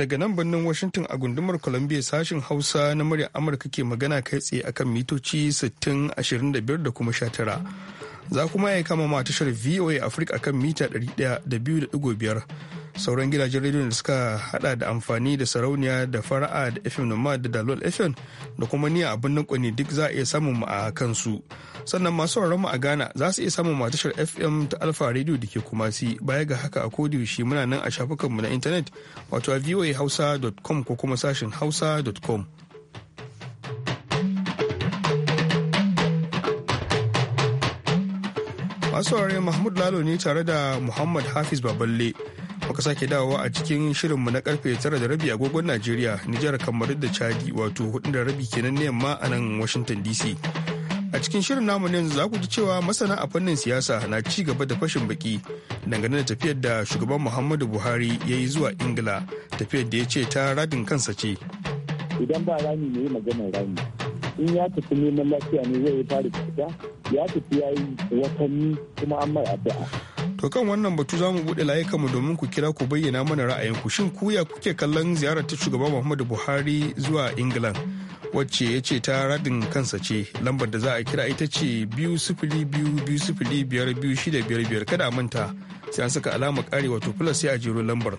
daga nan birnin washington a gundumar columbia sashin hausa na muryar amurka ke magana kai tsaye akan mitoci 60 da kuma 19 za kuma ya kama ma tashar voa africa akan mita 100.5 sauran gidajen rediyon da suka hada da amfani da sarauniya da fara'a da fm noma da dalol fm da kuma niya a nan kwani duk za a iya samun mu a kansu sannan masu mu a ghana za su iya samun matashar fm ta alfa radio da ke kumasi baya ga haka a shi muna nan a shafukanmu na intanet wato a voahausa.com ko kuma sashin hausa.com masu mahmud lalo ne tare da muhammad hafiz baballe ka sake dawowa a cikin shirinmu na karfe tara da rabi agogon Najeriya, Nijar kamar da Chadi wato hudun da rabi kenan ne ma a nan Washington DC. A cikin shirin namu ne za ku ji cewa masana a fannin siyasa na ci gaba da fashin baki dangane da tafiyar da shugaban Muhammadu Buhari ya yi zuwa Ingila, tafiyar da ya ce ta radin kansa ce. Idan ba rami ne maganar rami, in ya tafi neman lafiya ne zai fara fita, ya tafi ya yi watanni kuma an mai addu'a. To kan wannan batu za mu buɗe layukanmu domin ku kira ku bayyana mana ra'ayinku shin kuya kuke kallon ziyarar ta shugaba Muhammadu Buhari zuwa England wacce ya ce ta radin kansa ce lambar da za a kira ita ce biyu sifili kada a manta sai an saka alama kare wato plus sai a jero lambar.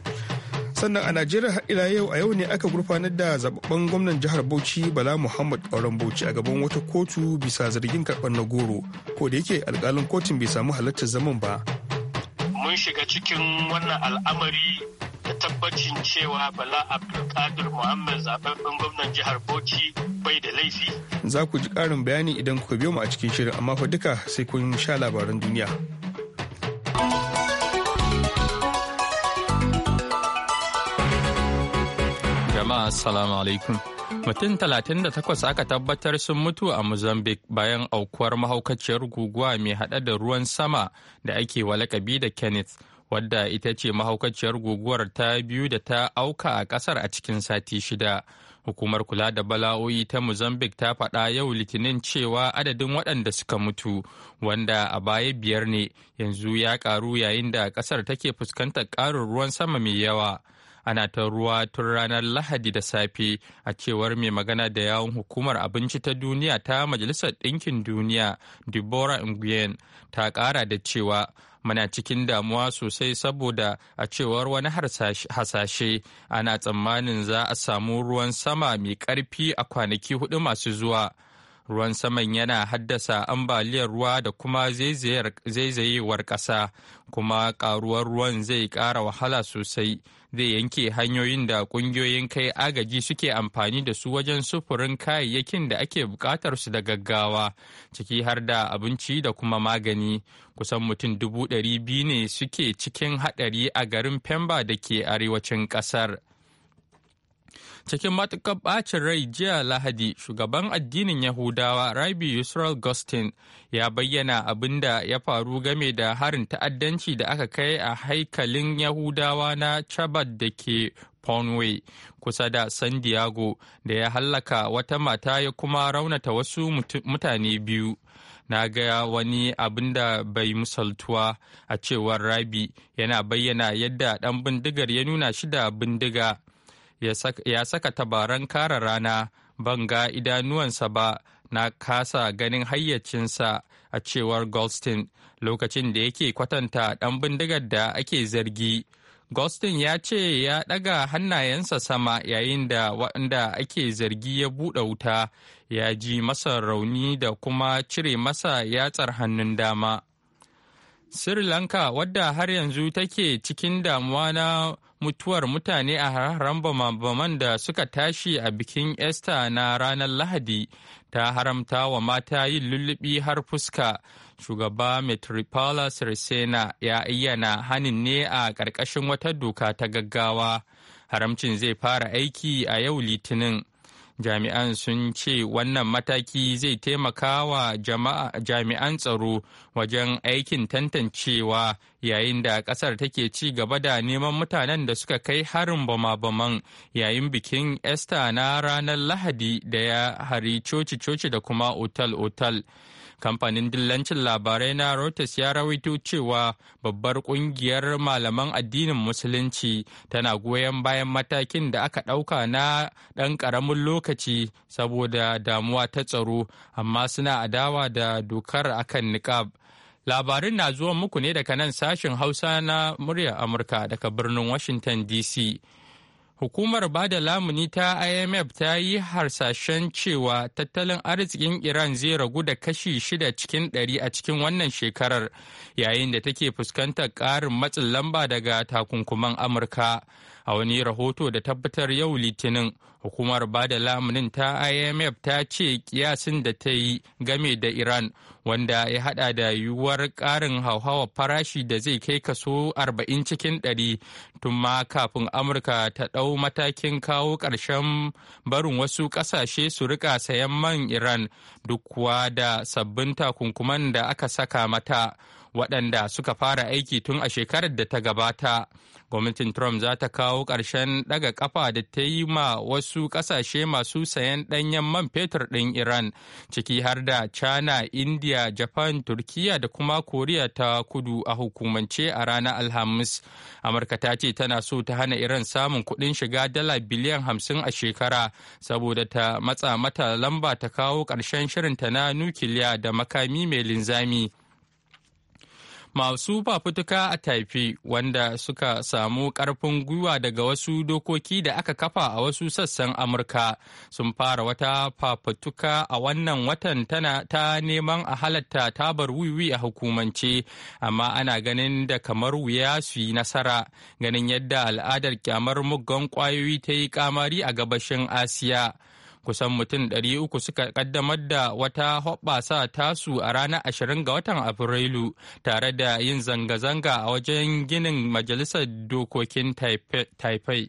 sannan a najeriya ila yau a yau ne aka gurfanar da zababben gwamnan jihar bauchi bala muhammad auren bauchi a gaban wata kotu bisa zargin karɓar na goro ko da yake alkalin kotun bai samu halartar zaman ba mun shiga cikin wannan al'amari da tabbacin cewa bala abdulkadir muhammad zababben gwamnan jihar bauchi bai da laifi za ku ji ƙarin bayani idan ku biyo mu a cikin shirin amma ku duka sai kun sha labaran duniya jama'a assalamu alaikum Mutum 38 aka tabbatar sun mutu a Mozambique bayan aukuwar mahaukaciyar guguwa mai haɗa da ruwan sama da ake walakabi da Kenneth, wadda ita ce mahaukaciyar guguwar ta biyu da ta auka a kasar a cikin sati shida. Hukumar kula da bala'o'i ta Mozambique ta faɗa yau litinin cewa adadin waɗanda suka mutu, wanda a baya biyar ne, yanzu ya ƙaru yayin da ƙasar take fuskantar ƙarin ruwan sama mai yawa. ana ta ruwa tun ranar lahadi da safe a cewar mai magana da yawon hukumar abinci ta duniya ta majalisar ɗinkin duniya deborah nguyen ta ƙara da cewa muna cikin damuwa sosai saboda a cewar wani hasashe ana tsammanin za a samu ruwan sama mai ƙarfi a kwanaki hudu masu zuwa. ruwan saman yana haddasa ambaliyar ruwa da kuma zaizayewar ƙasa kuma ƙaruwar ruwan zai ƙara wahala sosai zai yanke hanyoyin da ƙungiyoyin kai agaji suke amfani da su wajen sufurin kayayyakin da ake buƙatar su da gaggawa ciki har da abinci da kuma magani kusan mutum dubu ɗari biyu ne suke cikin haɗari a garin pemba da ke arewacin ƙasar. Cikin matukar ɓacin rai jiya Lahadi, shugaban addinin Yahudawa Rabi Yusral Gustin ya bayyana abin da ya faru game da harin ta'addanci da aka kai a haikalin Yahudawa na Chabad da ke Conway kusa da San Diego da ya hallaka wata mata ya kuma raunata wasu mutane biyu. Na ga wani abin da bai musaltuwa a cewar Rabi yana bayyana yadda ɗan bindigar ya nuna shi da bindiga. ya saka tabaran kara rana ban ga idanuwansa ba na kasa ganin hayyacinsa a cewar Goldstein lokacin da yake kwatanta ɗan bindigar da ake zargi. Goldstein ya ce ya ɗaga hannayensa sama yayin da waɗanda ake zargi ya buɗe wuta ya ji masa rauni da kuma cire masa yatsar hannun dama. Sri Lanka wadda har yanzu take cikin damuwa na mutuwar mutane a haram bama da suka tashi a bikin Esther na ranar Lahadi ta haramta wa mata yin lullubi har fuska. Shugaba Metropolis Sirisena ya ayyana hanin ne a ƙarƙashin wata doka ta gaggawa. Haramcin zai fara aiki a yau Litinin. jami'an sun ce wannan mataki zai taimaka wa jami'an tsaro wajen aikin tantancewa yayin da kasar take ci gaba da neman mutanen da suka kai harin bama-baman yayin bikin esta na ranar lahadi da ya hari coci-coci da kuma otal-otal. Kamfanin dillancin labarai na Reuters ya rawaito cewa babbar kungiyar malaman addinin Musulunci tana goyon bayan matakin da aka ɗauka na ɗan ƙaramin lokaci saboda damuwa ta tsaro, amma suna adawa da dokar akan niƙab. Labarin na zuwa muku ne daga nan sashen Hausa na murya Amurka daga birnin Washington DC. Hukumar bada lamuni ta IMF ta yi harsashen cewa tattalin arzikin Iran zai ragu da kashi shida cikin ɗari a cikin wannan shekarar yayin da take fuskantar ƙarin matsin lamba daga takunkuman Amurka. a wani rahoto da tabbatar yau litinin hukumar bada lamunin ta imf ta ce kiyasin da ta yi game da iran wanda ya hada da yiwuwar karin hauhawa farashi da zai kai kaso 40 cikin 100 tun ma kafin amurka ta dau matakin kawo ƙarshen barin wasu ƙasashe su rika sayan man iran duk kuwa da sabbin takunkuman da aka saka mata waɗanda suka fara aiki tun a shekarar da ta gabata gwamnatin trump za ta kawo ƙarshen ɗaga ƙafa da ta yi ma wasu ƙasashe masu sayan ɗanyen man fetur ɗin iran ciki har da china india japan turkiya da kuma koriya ta kudu a hukumance a ranar alhamis amurka ta ce tana so ta hana iran samun kuɗin shiga dala biliyan hamsin a shekara saboda ta matsa mata lamba ta kawo ƙarshen shirinta na nukiliya da makami mai linzami masu fafutuka a taifi wanda suka samu karfin gwiwa daga wasu dokoki da aka kafa a wasu sassan amurka sun fara wata fafutuka a wannan watan tana ta neman a halatta tabar wiwi a hukumance amma ana ganin da kamar wuya su yi nasara ganin yadda al'adar kyamar muggan kwayoyi ta yi kamari a gabashin asiya kusan mutum 300 suka kaddamar da wata hoɓɓasa tasu a ranar 20 ga watan afrilu tare da yin zanga-zanga a wajen ginin majalisar dokokin taipei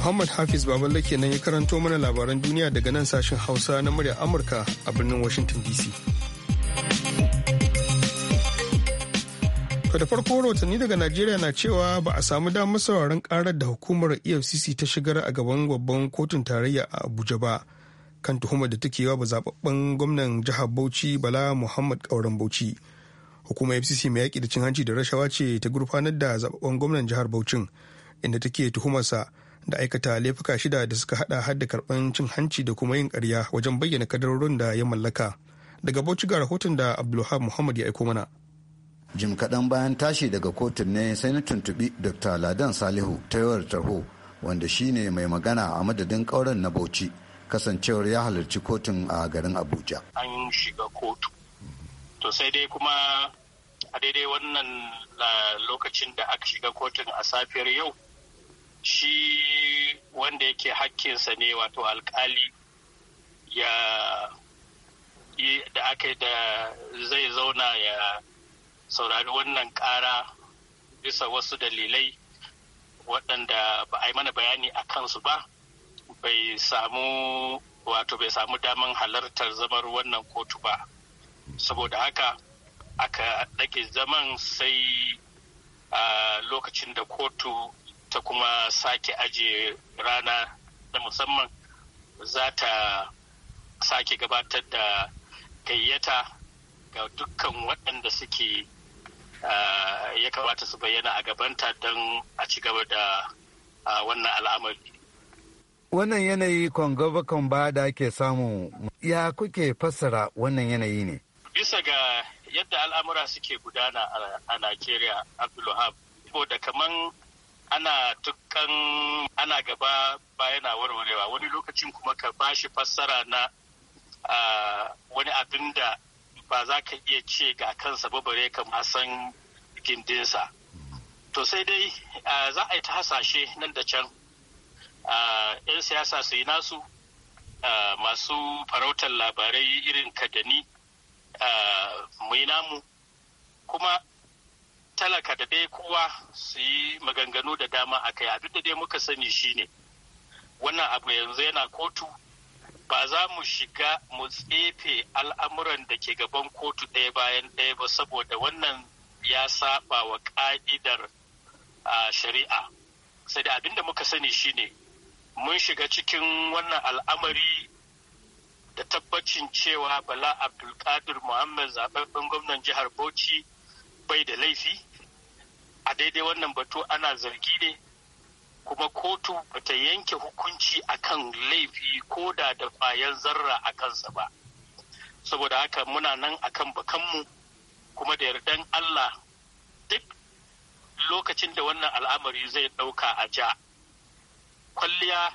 Muhammad Hafiz Baballe kenan ya karanto mana labaran duniya daga nan sashen Hausa na murya Amurka a birnin Washington DC. To da farko rahotanni daga Najeriya na cewa ba a samu damar sauraron karar da hukumar EFCC ta shigar a gaban babban kotun tarayya a Abuja ba kan tuhumar da take yawa ba zababben gwamnan jihar Bauchi Bala Muhammad Kauran Bauchi. Hukumar EFCC mai yaƙi da cin hanci da rashawa ce ta gurfanar da zababben gwamnan jihar Bauchin inda take tuhumarsa da aikata laifuka shida da suka hada har da karban cin hanci da kuma yin ƙarya wajen bayyana kadarorin da ya mallaka. Daga Bauchi ga rahoton da Abdulhab Muhammad ya aiko mana. jim kaɗan bayan tashi daga kotun ne sai na tuntuɓi dr ladan salihu ta yawar tarho wanda shine mai magana a madadin ƙauren na bauchi kasancewar ya halarci kotun a garin abuja an shiga kotu to sai dai kuma a daidai wannan lokacin da aka shiga kotun a safiyar yau shi wanda yake hakkinsa ne wato alkali ya da aka da zai zauna ya saurari wannan ƙara bisa wasu dalilai waɗanda ba a yi mana bayani a kansu ba bai samu wato bai samu daman halartar zamar wannan kotu ba saboda haka aka ɗage zaman sai a lokacin da kotu ta kuma sake aje rana da musamman za ta sake gabatar da gayyata ga dukkan waɗanda suke ya kamata su bayyana a gabanta don a ci gaba da wannan al'amari. Wannan yanayi kwangaba ba da ake samu ya kuke fassara wannan yanayi ne? Bisa ga yadda al'amura suke gudana a Najeriya, Abdulwahab, da kamar ana tukan ana gaba bayan na warwarewa wani lokacin kuma ka bashi fassara na wani abin da ba za ka iya ce ga kansa ba bare ka ma san gindinsa to sai dai za a yi ta hasashe nan da can 'yan siyasa su yi nasu masu farautar labarai irin kadani mu yi namu kuma talaka da dai kowa su yi maganganu da dama a kai abin da dai muka sani shine wannan abu yanzu yana kotu ba za mu shiga mu tsefe al'amuran da ke gaban kotu ɗaya bayan ɗaya ba saboda wannan ya saba wa ƙa'idar shari'a sai da abin muka sani shine mun shiga cikin wannan al'amari da tabbacin cewa bala abdulkadir muhammad zaɓaɓɓen gwamnan jihar bauchi bai da laifi a daidai wannan batu ana zargi ne kuma kotu bata yanke hukunci akan laifi ko da da kwayan zarra a kansa ba saboda haka muna nan akan bakanmu kuma da yardan Allah duk lokacin da wannan al'amari zai ɗauka a ja kwalliya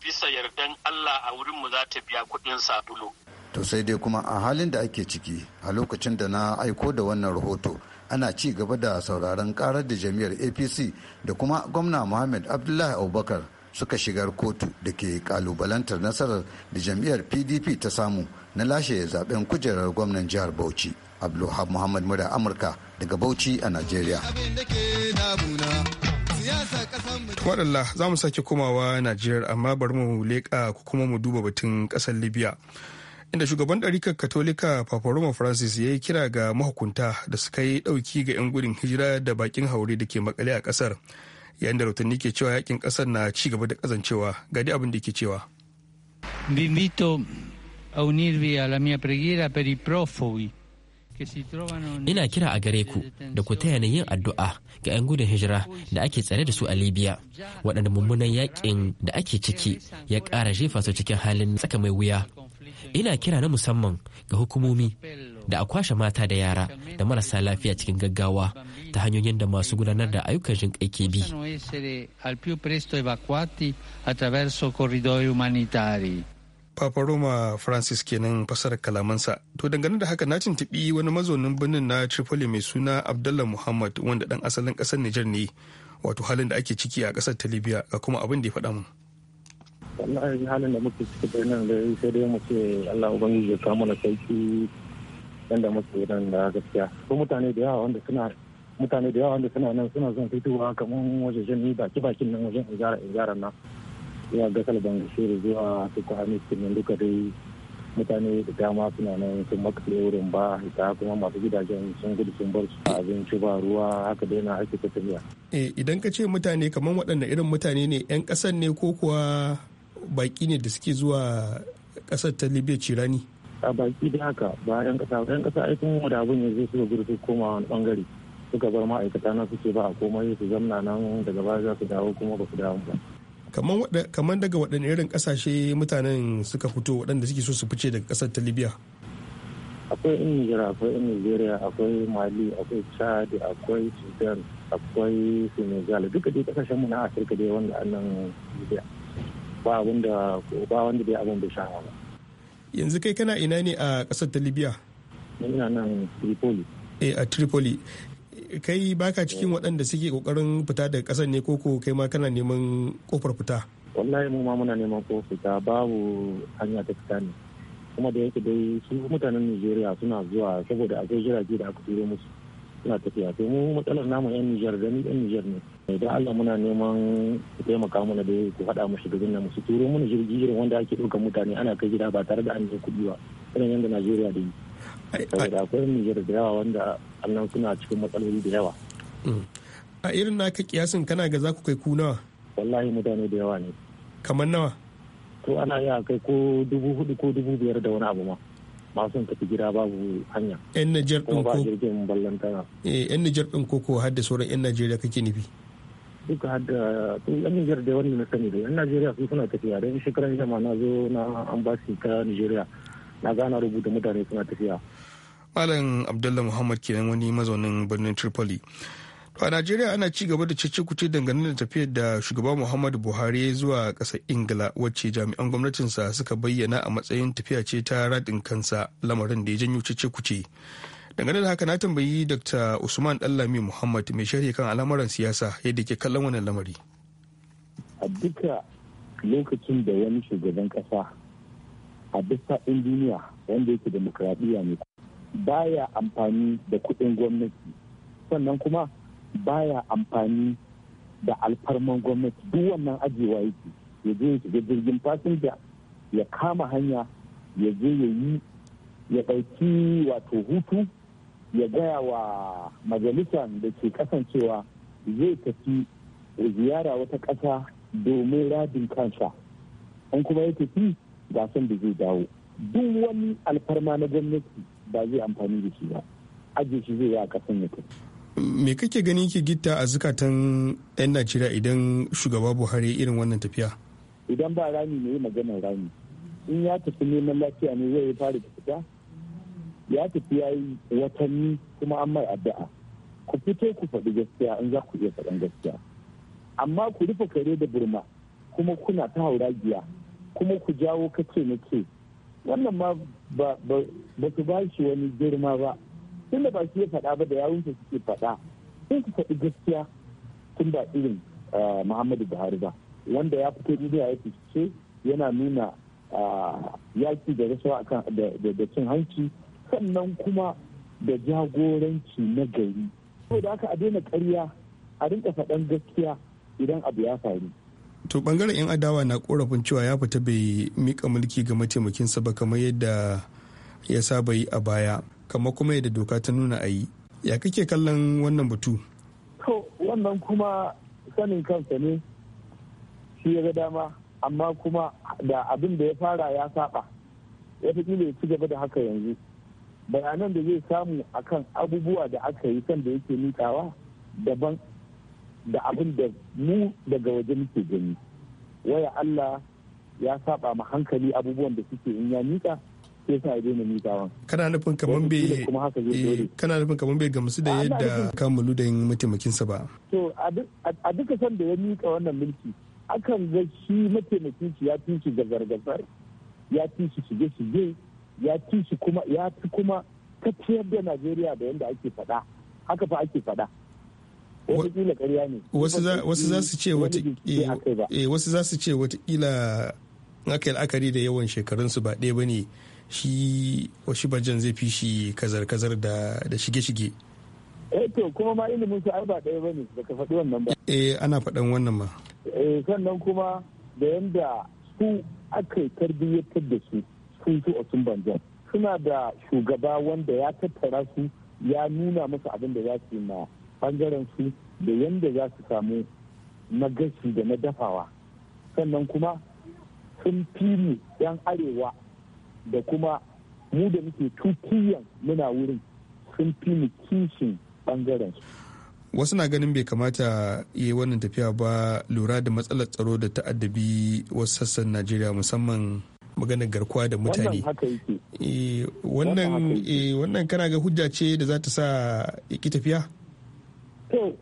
bisa yardan Allah a wurinmu za ta biya kuɗin sabulu. To dai kuma a halin da ake ciki a lokacin da na aiko da wannan rahoto ana ci gaba da sauraron karar da jami'ar apc da kuma gwamna muhammad abdullahi abubakar suka shigar kotu da ke kalubalantar nasarar da jam'iyyar pdp ta samu na lashe zaben kujerar gwamnan jihar bauchi abdulhab muhammad mura amurka daga bauchi a nigeria waɗalla za mu sake komawa najeriya amma bari mu leƙa kuma mu duba batun ƙasar libya inda shugaban ɗarikar katolika papa roma francis ya yi kira ga mahukunta da suka yi ɗauki ga 'yan gudun hijira da bakin haure da ke makale a ƙasar yayin da rahotanni ke cewa yakin ƙasar na ci gaba da kazancewa ga dai abin da ke cewa Ina kira a gare ku da ku taya ni yin addu'a ga 'yan gudun hijira da ake tsare da su a Libya, waɗanda mummunan yakin da ake ciki ya ƙara jefa su cikin halin tsaka mai wuya ina kira na musamman ga hukumomi da a kwashe mata da yara da marasa lafiya cikin gaggawa ta hanyoyin da masu gudanar da ayyukan jin kai ke bi. Papa Roma Francis kenan fasar kalamansa. To dangane da haka na tuntuɓi wani mazaunin birnin na Tripoli mai suna Abdullah Muhammad wanda ɗan asalin ƙasar Nijar ne wato halin da ake ciki a ƙasar ta Libya ga kuma abin da ya faɗa mun. wallahi halin da muke ciki da nan dai sai dai mu ce Allah ubangiji ya kawo mana sauki yanda muke nan da gaskiya ko mutane da yawa wanda suna mutane da yawa wanda suna nan suna son fitowa kamar wajen ni baki bakin nan wajen igara igara nan ya ga kalban gashiri zuwa su ta hamistin nan duka dai mutane da dama suna nan sun makasle wurin ba ita kuma masu gidajen sun gudu sun bar su abinci ba ruwa haka dai na ake ta tafiya. eh idan ka ce mutane kamar waɗanne irin mutane ne 'yan ƙasan ne ko kuwa baki ne da suke zuwa kasar ta libya cirani a baki da haka ba yan kasa yan kasa aikin mu da abin yanzu suka gudu su koma wani bangare suka bar ma'aikata na suke ba a komai su zamna nan daga baya za su dawo kuma ba su dawo ba kamar daga waɗanne irin ƙasashe mutanen suka fito waɗanda suke so su fice daga ƙasar ta libya akwai in nigeria akwai in nigeria akwai mali akwai chad akwai sudan akwai senegal duka dai ƙasashen mu na afirka dai wanda annan libya ba wanda ba wanda bai abin bai sha'awa ba yanzu kai kana ina ne a kasar ta libya ina nan tripoli eh a tripoli kai baka cikin waɗanda suke ƙoƙarin fita daga ƙasar ne koko kai ma kana neman ƙofar fita wallahi mu ma muna neman ƙofar fita babu hanya ta fita ne kuma da yake dai su mutanen nigeria suna zuwa saboda akwai jirage da aka turo musu suna tafiya to mu matsalar namu yan nijar da ni yan nijar ne idan Allah muna neman taimaka mana da ku faɗa mu shugabin nan su turo mana jirgi irin wanda ake ɗaukar mutane ana kai gida ba tare da an yi kuɗi ba irin yadda Najeriya da yi saboda akwai Nijar da yawa wanda Allah suna cikin matsaloli da yawa mm. a irin naka kiyasin kana ga za ku kai ku nawa wallahi mutane da yawa ne kamar nawa to ana yi a kai ko dubu hudu ko dubu biyar da wani abu ma masu tafi gida babu hanya yan Nijar ɗin ko ba jirgin ballantana eh yan Nijar ɗin ko ko har da sauran yan Najeriya kake nufi duka har da yan Nijar da wani na sani da yan Najeriya su suna tafiya don shekaran jama na zo na ambasi ta Nijeriya na gana rubuta mutane suna tafiya. Malam Abdullah Muhammad kenan wani mazaunin birnin Tripoli. a najeriya ana ci gaba da cece-kuce dangane da tafiyar da shugaba muhammadu buhari zuwa kasar ingila wacce jami'an gwamnatinsa suka bayyana a matsayin tafiya ce ta raɗin kansa lamarin da ya janyo cece-kuce dangane da haka na tambayi dr usman dallami muhammad mai sharhi kan al'amuran siyasa yadda ke kallon wannan lamari a duka lokacin da wani shugaban kasa a duk ɗin duniya wanda yake demokradiyya ne baya amfani da kuɗin gwamnati sannan kuma baya amfani da alfarman gwamnati duk wannan ajiyewa yake ya je ya shiga jirgin fasinja ya kama hanya ya je ya yi ya ɗauki wato hutu ya gaya wa majalisar da ke kasancewa zai tafi ziyara wata ƙasa domin radin kansa An kuma ya tafi gasan da zai dawo duk wani alfarma na gwamnati ba zai amfani da shi ba ajiye shi zai yi a ƙasan mutum me kake ganin ke gitta a zukatan 'yan najeriya idan shugaba buhari irin wannan tafiya idan ba rami ne maganar rami in ya tafi neman lafiya ne zai fara fita ya tafi ya yi watanni kuma an mai addu'a ku fito ku faɗi gaskiya in za ku iya faɗan gaskiya amma ku rufe kare da burma kuma kuna ta haura giya kuma ku jawo kace na ce wannan ma ba su ba shi wani girma ba tun da ba shi ya faɗa ba da yawunsa suke faɗa sun ku faɗi gaskiya tun ba irin muhammadu buhari ba wanda ya fito duniya ya fice yana nuna yaki da rashawa da cin hanci sannan kuma da jagoranci na gari da aka a daina karya a rinka faɗan gaskiya idan abu ya faru to bangaren yan adawa na korafin cewa ya fita bai mika mulki ga mataimakinsa ba kamar yadda ya saba yi a baya kamar kuma yadda doka ta nuna a yi ya kake kallon wannan batu to wannan kuma sanin kansa ne shi ya ga dama amma kuma da abin da ya fara ya saba ya fi ya ci gaba da haka yanzu bayanan da zai samu akan abubuwa da aka yi kan da yake mikawa daban da abin da mu daga waje muke gani waya Allah ya saba ma hankali abubuwan da suke in ya nika kana nufin kaman bai eh, kana nufin da yadda kamulu da mataimakin sa ba to a duka san da ya mika wannan mulki akan ga shi mataimakin shi ya fi shi gargasar ya fi shige shige ya ci shi kuma ya fi kuma tafiyar da najeriya da yadda ake fada haka fa ake fada watakila ƙarya ne wasu za su ce wasu za su ce watakila eh, eh, aka yi la'akari da yawan shekarunsu ba ɗaya ba ne shi washi bajan zai fi shi kazar-kazar da shige-shige eh to kuma ma ilimin su ai ba ɗaya ba ne da ka faɗi wannan ba eh ana faɗan wannan ma eh sannan kuma da yadda su aka yi tarbiyyatar da su sun su osun banjan suna da shugaba wanda ya tattara su ya nuna masa abin da za su yi na bangaren su da yadda za su samu na gashi da na dafawa sannan kuma sun fili yan arewa da kuma mu da muke tukiyan muna wurin sun fili kishin bangaren su wasu na ganin bai kamata yi wannan tafiya ba lura da matsalar tsaro da ta'addabi wasu sassan najeriya musamman maganar garkuwa da mutane eh, wannan eh, wannan kana ga hujja ce da za ta sa ki tafiya eh,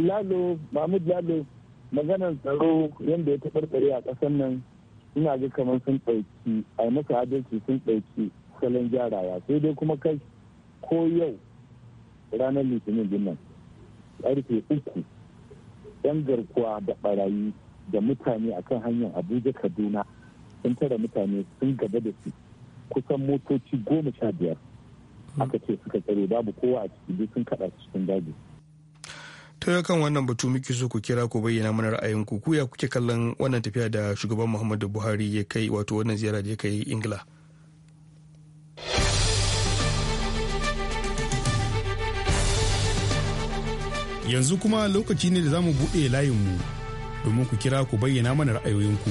lalo mahmud lalo maganar tsaro yadda ya tabbatare a ƙasar nan ina ga kamar sun ɗauki a masa adalci sun ɗauki salon jaraya sai dai kuma kai ko yau ranar litinin dinnan ƙarfe uku yan garkuwa da ɓarayi da mutane akan hanyar abuja kaduna sun tara mutane sun gaba da su kusan motoci goma sha biyar aka ce suka tsare babu kowa a ciki duk sun kada cikin daji. ta kan wannan batu muke so ku kira ku bayyana mana ra'ayinku ku ya kuke kallon wannan tafiya da shugaban muhammadu buhari ya kai wato wannan ziyara da ya kai ingila yanzu kuma lokaci ne da za mu buɗe layinmu domin ku kira ku bayyana mana ra'ayoyinku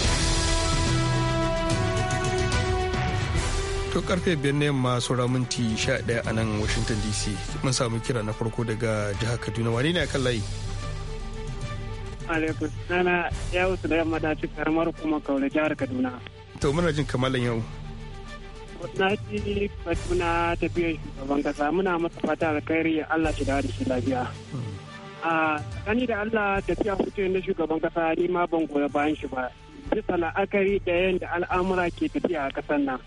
to karfe biyar ne yamma saura minti 11 a nan washington dc mun samu kira na farko daga jihar kaduna wani ne a kan layi alaikum sana ya wuce da yamma to muna jin kamalan yau na ci ta tafiyar shugaban kasa muna masa fata alkhairi allah shi da shi lafiya hmm. a tsakani da allah tafiya hutu na shugaban kasa ni ma ban goya bayan shi ba bisa la'akari da yadda al'amura ke tafiya a kasar nan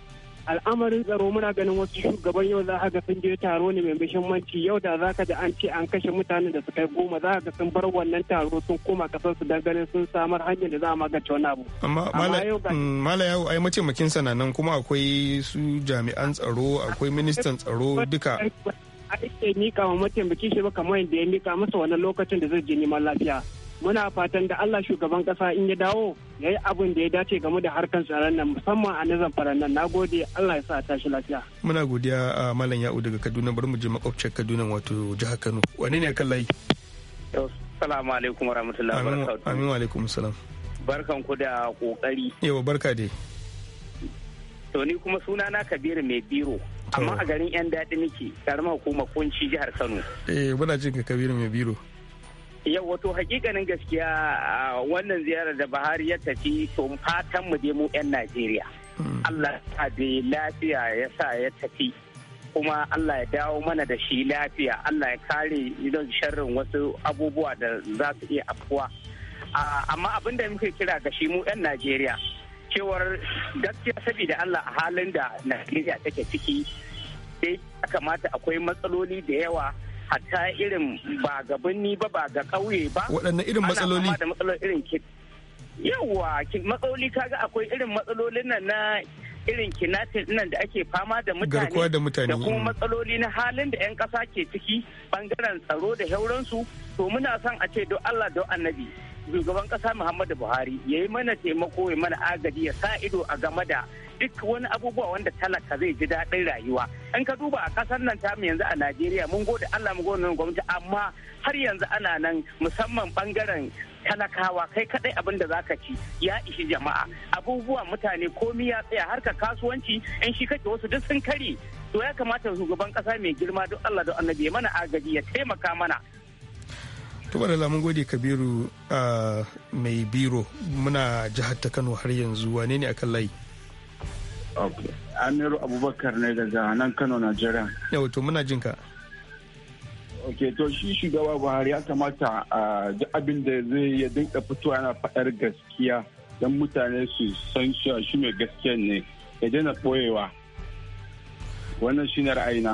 al'amarin tsaro muna ganin wasu shugaban yau za a ga sun je taro ne mai manci yau da za ka ji an ce an kashe mutanen da suka goma za a ga sun bar wannan taro sun koma kasar su ganin sun samar hanyar da za a magance wani abu. amma mala yawo mm, ai mataimakin sana nan kuma akwai su jami'an tsaro akwai ministan tsaro duka. a ake mika wa mataimakin shi ba kamar yadda ya mika masa wannan lokacin da zai je neman lafiya. muna fatan da Allah shugaban kasa in ya dawo ya yi abin da ya dace game da harkar tsaron nan musamman a nazan faran nan nagode Allah ya sa tashi lafiya muna godiya a malam ya'u daga Kaduna bari mu je makwabcin Kaduna wato jihar Kano wane ne kan layi assalamu alaikum warahmatullahi wabarakatuh amin wa alaikum salam barkan ku da kokari yawa barka dai to ni kuma suna na Kabiru mai biro amma a garin yan daɗi nake karamar hukumar kunci jihar Kano eh muna jin ka Kabiru mai biro yau wato hakikanin gaskiya wannan ziyarar da bahari ya tafi to fatan mu je mu 'yan najeriya hmm. allah ya lafiya ya sa ya tafi kuma Allah ya dawo mana da shi lafiya Allah ya kare idan sharrin wasu abubuwa da za su iya afuwa amma abin da muke kira ga shi mu 'yan Najeriya cewar gaskiya saboda Allah a halin da Najeriya take ciki sai kamata akwai matsaloli da yawa hatta irin ba ga birni ba ba ga ƙauye ba waɗanne irin matsaloli ana da matsaloli irin yawa matsaloli kaga akwai irin matsalolin nan na irin kinatin nan da ake fama da mutane garkuwa da mutane da kuma mm. matsaloli na halin da 'yan ƙasa ke ciki bangaren tsaro da hauransu to muna son a ce don Allah don annabi shugaban ƙasa Muhammadu Buhari ya yi mana taimako ya mana agaji ya sa ido a game da duk wani abubuwa wanda talaka zai ji daɗin rayuwa in ka duba a ƙasar nan ta yanzu a najeriya mun gode allah mu gode gwamnati amma har yanzu ana nan musamman bangaren talakawa kai kaɗai abin da zaka ci ya ishi jama'a abubuwa mutane komi ya tsaya harka kasuwanci in shi kake wasu duk sun kare to ya kamata shugaban kasa mai girma duk allah da annabi mana agaji ya taimaka mana tuba da lamun gode kabiru ah, mai biro muna jihar ta kano har yanzu wane ne akan layi Amiru Abubakar ne daga nan Kano, Najeriya. Yau, to muna jinka. ok to shi shugaba buhari ya kamata a abin da zai ya dinka fitowa yana faɗar gaskiya don mutane su san cewa shi mai gaskiya ne ya daina ɓoyewa wannan shi ne ra'ayina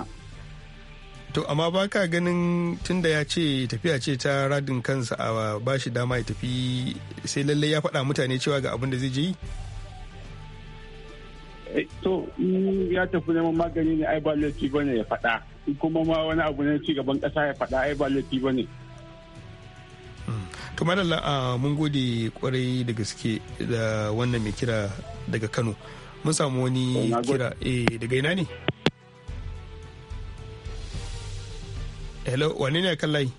to amma ba ka ganin tunda ya ce tafiya ce ta radin kansa a ba shi dama ya tafi sai lallai ya faɗa mutane cewa ga abin da zai je yi Eh, to ya tafi neman magani ne ai ba laifi ba ne ya faɗa kuma ma wani abu ne ci gaban ƙasa ya faɗa ai ba laifi ba ne. Hmm. to madalla ah, mun gode kwarai da gaske da wannan mai kira daga kano mun samu wani kira eh, daga ina ne hello wane ne kan layi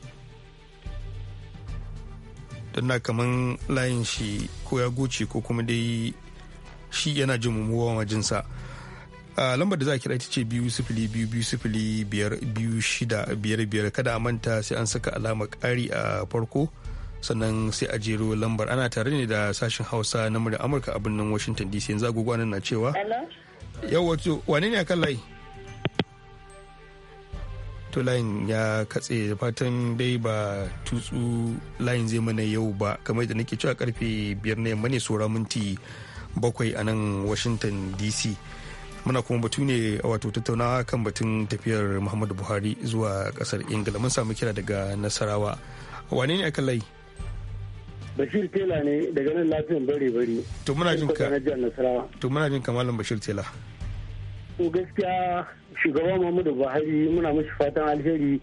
don na kaman layin shi ko ya goce ko kuma dai shi yana jin mummuwa ma jinsa lambar da za a kira ita ce biyu sifili biyu biyu sifili biyar biyu shida biyar biyar kada a manta sai an saka alamar kari a farko sannan sai a jero lambar ana tare ne da sashen hausa na murya amurka a birnin washington dc yanzu agogo nan na cewa yau wato wane ne akan layi to layin ya katse fatan dai ba tutsu layin zai mana yau ba kamar da nake cewa karfe biyar na yamma ne saura minti bakwai a nan washington dc muna kuma batu ne wato tattaunawa kan batun tafiyar muhammadu buhari zuwa kasar ingila mun samu kira daga nasarawa wane ne aka lai bashir tela ne daga nan lafiyan bare bare to muna jin ka to muna jin ka malam bashir tela to gaskiya shugaba muhammadu buhari muna mashi fatan alheri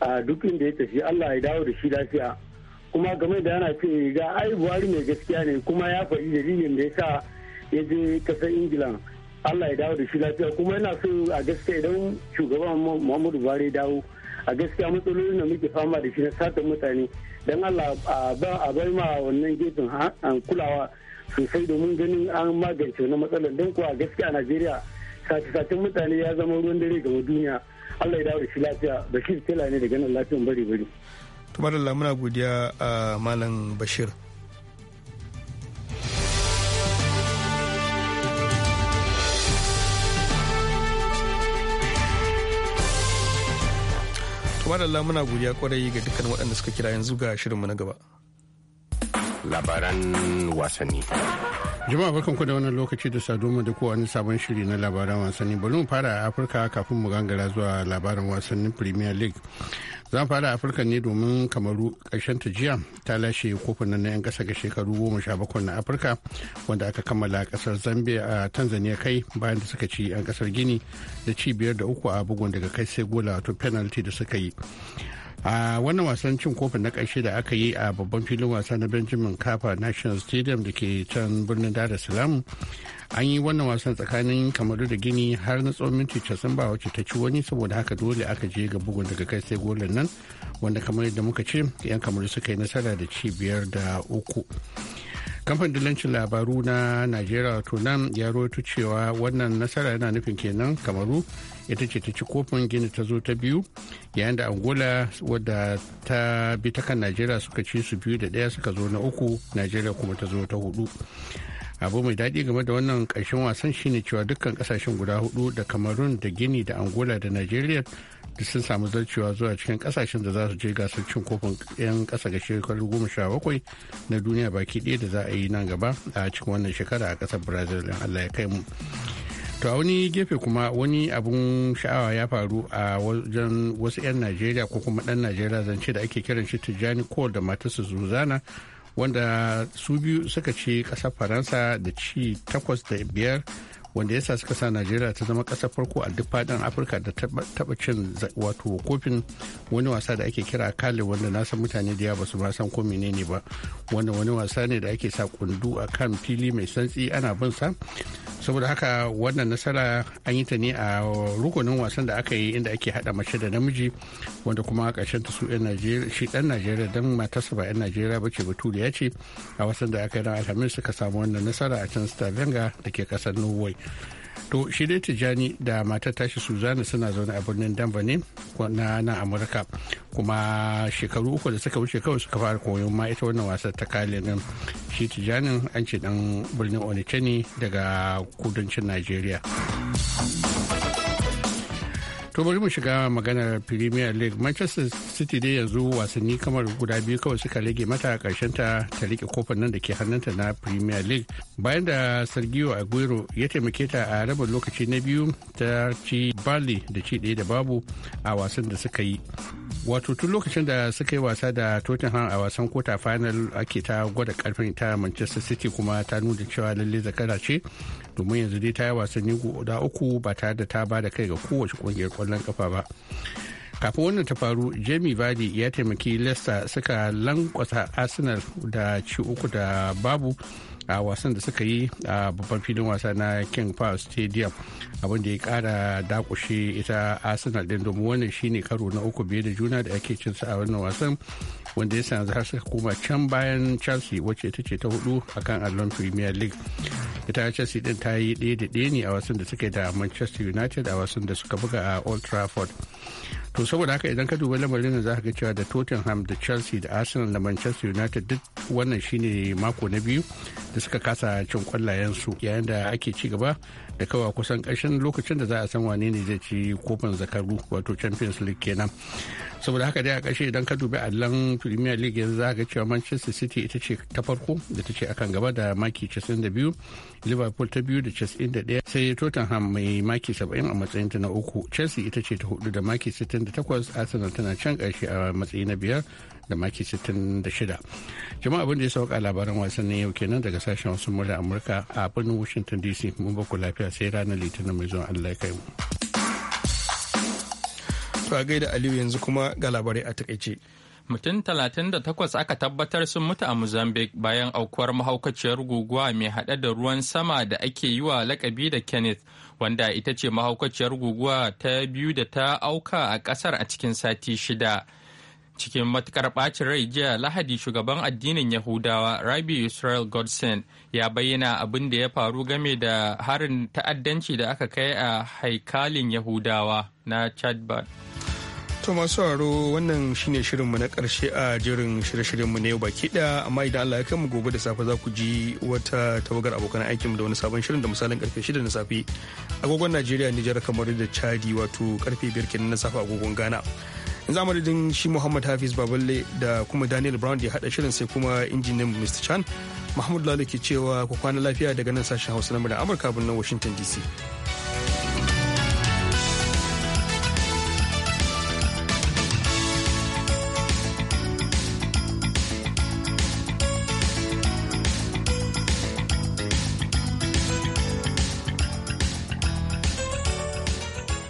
a duk inda ya tafi allah ya dawo da shi lafiya kuma game da yana ce ga ai buhari mai gaskiya ne kuma ya faɗi dalilin da ya sa ya je kasar ingila allah ya dawo da shi lafiya kuma yana so a gaskiya idan shugaban muhammadu buhari ya dawo a gaskiya matsalolin da muke fama da shi na satan mutane don allah a bai ma wannan gefen kulawa sosai domin ganin an magance wannan matsalar don kuwa gaskiya a najeriya sace-sacen mutane ya zama ruwan dare gaba duniya allah ya dawo da shi lafiya bashir tela ne daga nan lafiyan bari bari kuma da muna godiya a malam bashir da muna godiya kwarai ga dukkan waɗanda suka kira yanzu ga shirinmu na gaba. Labaran wasanni. Jama'a barkan ku da wannan lokaci da saduma da kowane sabon shiri na labaran wasanni. Bari mu fara a Afirka kafin mu gangara zuwa labaran wasannin Premier League. zan fara afirka ne domin kamaru karshen ta jiya ta lashe kofin na 'yan kasa ga shekaru goma sha bakwai na afirka wanda aka kammala kasar zambia a tanzania kai bayan da suka ci 'yan kasar gini da ci biyar da uku a bugun daga kai sai gola wato penalty da suka yi a wannan wasan cin kofin na karshe da aka yi a babban filin wasa na benjamin kafa national stadium da ke can birnin dar es salaam an yi wannan wasan tsakanin kamaru da gini har na tsawon minti casan ba wacce ta ci wani saboda haka dole aka je ga bugun daga kai sai golin nan wanda kamar yadda muka ce yan kamaru suka yi nasara da ci biyar da uku kamfanin dillancin labaru na najeriya wato nan ya rawaito cewa wannan nasara yana nufin kenan kamaru ita ce ta ci kofin gini ta zo ta biyu yayin da angola wadda ta bi ta kan najeriya suka ci su biyu da daya suka zo na uku najeriya kuma ta zo ta hudu abu mai daɗi game da wannan ƙarshen wasan shine cewa dukkan kasashen guda hudu da kamarun da gini da angola da nigeria da sun samu zarcewa zuwa cikin kasashen da za su je gasar cin kofin 'yan ƙasa ga shekaru goma sha bakwai na duniya baki ɗaya da za a yi nan gaba a cikin wannan shekara a ƙasar brazil in allah ya kai mu to a wani gefe kuma wani abun sha'awa ya faru a wajen wasu 'yan najeriya ko kuma ɗan najeriya zance da ake kiran shi tijjani kowal da matarsa zuzana wanda su biyu suka ci ƙasar faransa da ci takwas da biyar wanda ya sa suka sa najeriya ta zama ƙasar farko a duk fadin afirka da taba cin wato kofin wani wasa da ake kira kale wanda na san mutane da yawa ba su ma san ko menene ba wanda wani wasa ne da ake sa kundu a kan fili mai santsi ana bin sa saboda haka wannan nasara an yi ta ne a rukunin wasan da aka yi inda ake hada mace da namiji wanda kuma a ƙarshen ta su yan najeriya shi dan najeriya dan matarsa ba yan najeriya ba ce baturiya ce a wasan da aka yi na alhamis suka samu wannan nasara a can stavanger da ke ƙasar norway to shi dai tijjani da matar tashi su zana suna zaune a birnin damba ne na nan amurka kuma shekaru uku da suka wuce kawai suka fara koyon ma ita wannan wasan ta kale nan shi tijanin an ce dan birnin onitsha daga kudancin najeriya to bari mu shiga maganar premier league manchester city dai yanzu wasanni kamar guda biyu kawai suka rage mata karshen ta ta rike kofar nan da ke hannunta na premier league bayan da sergio aguero ya taimake ta a rabin lokaci na biyu ta ci bali da ci ɗaya da babu a wasan da suka yi wato tun lokacin da suka yi wasa da tottenham a wasan kota final ake ta gwada karfin ta manchester city kuma ta nuna cewa lalle zakara ce domin yanzu dai ta yi wasanni guda uku ba tare da ta ba da kai ga kowace kungiyar kwallon kwallon kafa ba kafin wannan ta faru jamie vardy ya taimaki leicester suka lankwasa arsenal da ci uku da babu a wasan da suka yi a babban filin wasa na king power stadium abinda ya kara dakushe ita arsenal din domin wannan shine karo na uku biye da juna da ake cinsa a wannan wasan wanda ya yanzu har suka koma can bayan chelsea wacce ita ce ta hudu akan allon premier league ita chelsea din ta yi ɗaya da ɗaya ne a wasan da suke da manchester united a wasan da suka buga a old trafford to saboda haka idan ka duba lamarin za ka ga cewa da tottenham da chelsea da arsenal da manchester united duk wannan shine mako na biyu da suka kasa cin kwallayensu yayin da ake ci gaba da kawa kusan ƙarshen lokacin da za a san wane ne zai ci kofin zakaru wato champions league kenan saboda haka dai a ƙarshe idan ka dubi allon premier league yanzu za ga cewa manchester city ita ce ta farko da ta ce akan gaba da maki 92 liverpool ta biyu da 91 sai tottenham mai maki 70 a matsayin ta na uku chelsea ita ce ta hudu da maki 68 arsenal tana can ƙarshe a matsayi na biyar da maki 66 jama'a abin da ya sauka labaran wasannin yau kenan daga sashen wasu murya amurka a birnin washington dc mun baku lafiya sai ranar litinin mai zuwa allah kai mu to a gaida aliyu yanzu kuma ga labarai a takaice mutum talatin da takwas aka tabbatar sun mutu a mozambique bayan aukuwar mahaukaciyar guguwa mai hada da ruwan sama da ake yi wa lakabi da kenneth wanda ita ce mahaukaciyar guguwa ta biyu da ta auka a kasar a cikin sati shida cikin matukar bacin rai jiya lahadi shugaban addinin yahudawa rabi israel godson ya bayyana abin da ya faru game da harin ta'addanci da aka kai a haikalin yahudawa na chadbad to masu haro wannan shine shirinmu na karshe a jerin shirye-shiryenmu na yau baki daya amma idan allah ya kai mu gobe da safe za ku ji wata tawagar abokan aikinmu da wani sabon shirin da misalin karfe 6 na safe agogon najeriya nijar kamar da chadi wato karfe 5 kenan na safe agogon ghana zamanadin shi muhammad hafiz baballe da kuma daniel brown da ya haɗa shirin sai kuma injiniyan mr chan mahmud lalu ke cewa ku kwana lafiya daga nan sashen hausa na amurka birnin washington dc